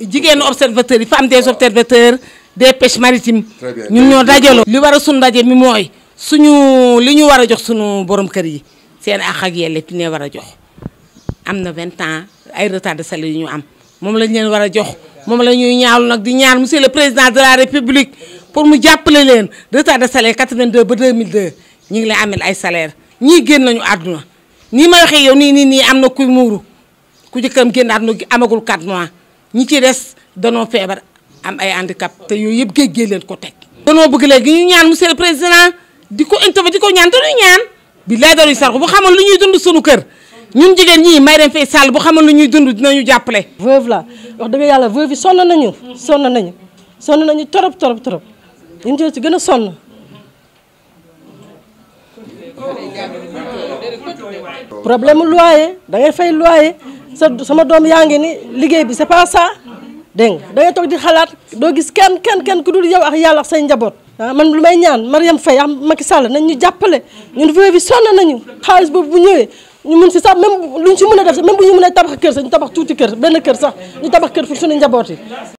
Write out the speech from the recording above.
jigéenu observateur yi femmes des observateurs des pêches maritimes ñun ñoo dajaloo li war a suñu ndaje mi mooy suñu li ñu war a jox suñu borom kër yi seen àq ak yelleef li nee war a jox am na vingt ans ay retard de salaire yu ñu am moom lañ leen war a jox moom la ñuy ñaawlu nag di ñaan monsieur le président de la république pour mu jàppale leen retard de salaire 82 ba 2002 ñu ngi lay amel ay salaire ñii génn nañu àdduna nii ma waxee yow nii nii nii am na kuy muuru ku jëkkëram génn àdduna amagul 4 mois ñi ci des danoo feebar am ay handicap te yooyu yëpp géej géej leen ko teg. danoo bëgg léegi ñu ñaan monsieur le président di ko intervenir di ko ñaan dañuy ñaan. billaay dañuy sarxu bu xamoon lu ñuy dund sunu kër ñun jigéen ñii may dem fay sàll bu xamoon lu ñuy dund dinañu jàppale. veuve la wax dëgg yàlla veuve yi sonn nañu. sonn nañu sonn nañu torop torop torop ñun ñoo ci gën a sonn. problème mu loyer da ngay fay sa sama doom yaa ngi ni liggéey bi c'est pas ça dégg nga da ngay toog di xalaat doo gis kenn kenn kenn ku dul yow ak yàlla ak say njaboot ah, man lu may ñaan mariam fay ak maki sàll nañ ñu jàppale ñun veuve bi sonn nañu xaalis boobu bu ñëwee ñu mun si sax même lu ñu si def même bu ñu mën tabax kër sax ñu tabax tuuti kër benn kër sax ñu tabax kër fu suñu njaboot yi